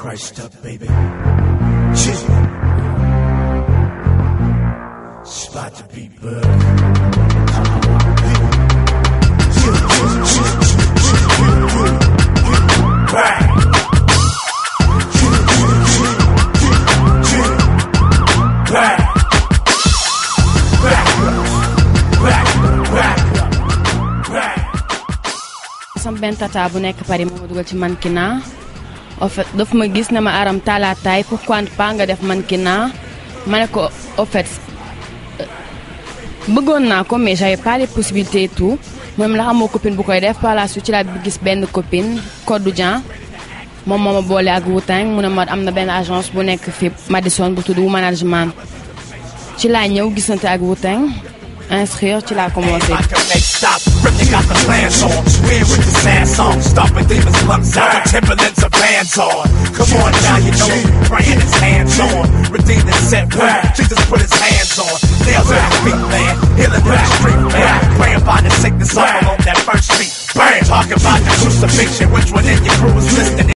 Christ up, baby. Chisel. Spot to be burned. Right. Sam ben tata dugal ci man en fait daf ma gis ne ma aram tay pourquoi pas nga def man ki mané ko en fait euh, bëggoon ko mais j'avais pas les possibilités et tout même la amoo copine bu koy def par la suite la laa gis ben copine Codou Dian moom moo ma ak Wutang mu ne ma amna ben agence bu nek fi Madison bu tudd management ci la ñew gisante ak Wutang inscrire ci la commencé. Stopping demons lungs out the temperance of pants on. Come on now, you know you praying his hands on. Redeeming and set free, Jesus put his hands on. Nails on his feet, man, healing the street, man. Praying by the sickness all on that first street. Bam! Talking about the crucifixion, which one in your crew is listening?